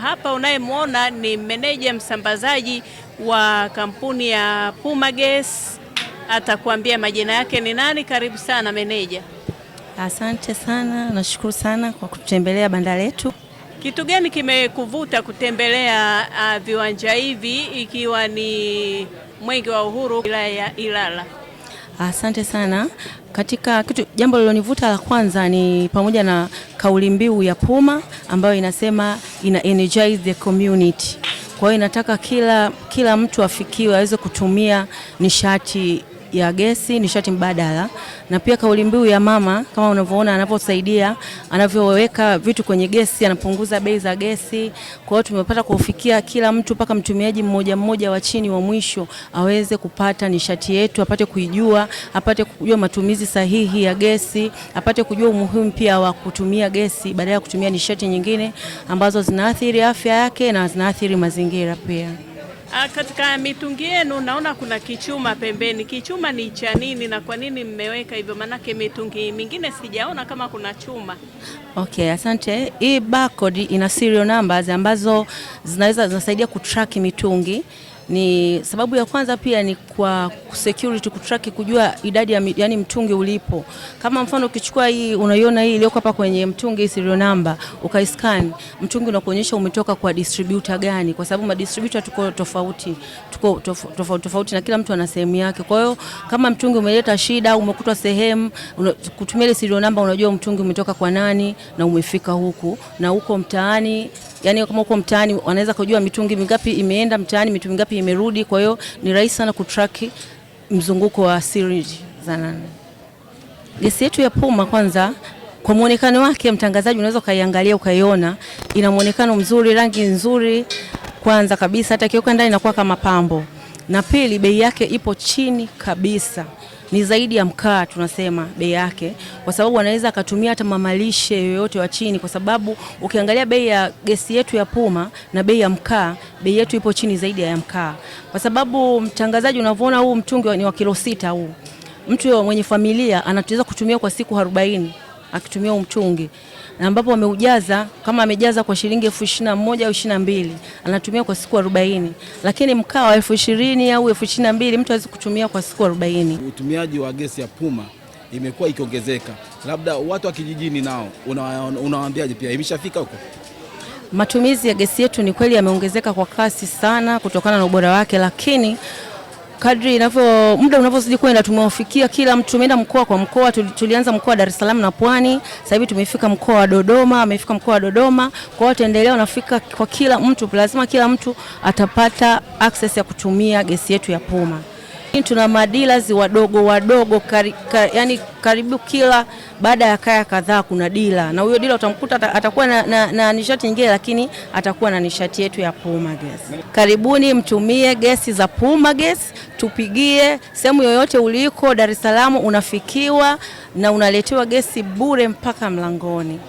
hapa unayemwona ni meneja msambazaji wa kampuni ya Puma Gas, atakuambia majina yake ni nani. Karibu sana meneja. Asante sana, nashukuru sana kwa kututembelea banda letu. Kitu gani kimekuvuta kutembelea uh, viwanja hivi ikiwa ni Mwenge wa Uhuru wilaya ya Ilala? Asante sana. Katika kitu jambo lilonivuta la kwanza ni pamoja na kauli mbiu ya Puma ambayo inasema ina energize the community. Kwa hiyo inataka kila, kila mtu afikiwe aweze kutumia nishati ya gesi, nishati mbadala na pia kauli mbiu ya mama, kama unavyoona anavyosaidia, anavyoweka vitu kwenye gesi, anapunguza bei za gesi. Kwa hiyo tumepata kufikia kila mtu mpaka mtumiaji mmoja mmoja wa chini wa mwisho aweze kupata nishati yetu, apate kuijua, apate kujua matumizi sahihi ya gesi, apate kujua umuhimu pia wa kutumia gesi badala ya kutumia nishati nyingine ambazo zinaathiri afya yake na zinaathiri mazingira pia. Ah, katika mitungi yenu naona kuna kichuma pembeni. Kichuma ni cha nini na kwa nini mmeweka hivyo? Maanake mitungi mingine sijaona kama kuna chuma. Okay, asante. Hii barcode ina serial numbers ambazo zinaweza zinasaidia kutrack mitungi ni sababu ya kwanza pia ni kwa security kutrack, kujua idadi ya yani mtungi ulipo. Kama mfano ukichukua hii unaiona hii iliyoko hapa kwenye mtungi serial number, ukaiscan mtungi unakuonyesha umetoka kwa distributor gani, kwa sababu madistributor tuko tofauti, tuko tofauti tofauti na kila mtu ana sehemu yake. Kwa hiyo kama mtungi umeleta shida au umekutwa sehemu, kutumia ile serial number unajua mtungi umetoka kwa nani na umefika huku na huko mtaani yani kama uko mtaani wanaweza kujua mitungi mingapi imeenda mtaani, mitungi mingapi imerudi. Kwa hiyo ni rahisi sana kutrack mzunguko wa syringe za nani. Gesi yetu ya Puma kwanza kwa muonekano wake mtangazaji, unaweza ukaiangalia ukaiona, ina muonekano mzuri, rangi nzuri kwanza kabisa, hata kiweka ndani inakuwa kama pambo, na pili bei yake ipo chini kabisa ni zaidi ya mkaa, tunasema bei yake, kwa sababu anaweza akatumia hata mamalishe yoyote wa chini, kwa sababu ukiangalia bei ya gesi yetu ya Puma na bei ya mkaa, bei yetu ipo chini zaidi ya mkaa, kwa sababu mtangazaji, unavyoona huu mtungi ni wa kilo sita huu, mtu mwenye familia anaweza kutumia kwa siku 40 akitumia huu mtungi na ambapo ameujaza kama amejaza kwa shilingi elfu ishirini na moja au ishirini na mbili anatumia kwa siku arobaini lakini mkaa wa elfu ishirini au elfu ishirini na mbili mtu hawezi kutumia kwa siku arobaini. Utumiaji wa gesi ya Puma imekuwa ikiongezeka, labda watu wa kijijini nao unawaambiaje? Pia imeshafika huko matumizi ya gesi yetu ni kweli yameongezeka kwa kasi sana kutokana na ubora wake, lakini kadri inavyo muda unavyozidi kwenda, tumewafikia kila mtu, tumeenda mkoa kwa mkoa. Tulianza mkoa wa Dar es Salaam na Pwani, sasa hivi tumefika mkoa wa Dodoma, amefika mkoa wa Dodoma. Kwa hiyo tutaendelea, unafika kwa kila mtu, lazima kila mtu atapata access ya kutumia gesi yetu ya Puma. Tuna madilazi wadogo wadogo kari, kar, yani karibu kila baada ya kaya kadhaa kuna dila, na huyo dila utamkuta atakuwa na, na, na nishati nyingine, lakini atakuwa na nishati yetu ya Puma Gas. Karibuni mtumie gesi za Puma Gas, tupigie sehemu yoyote uliko. Dar es Salaam unafikiwa na unaletewa gesi bure mpaka mlangoni.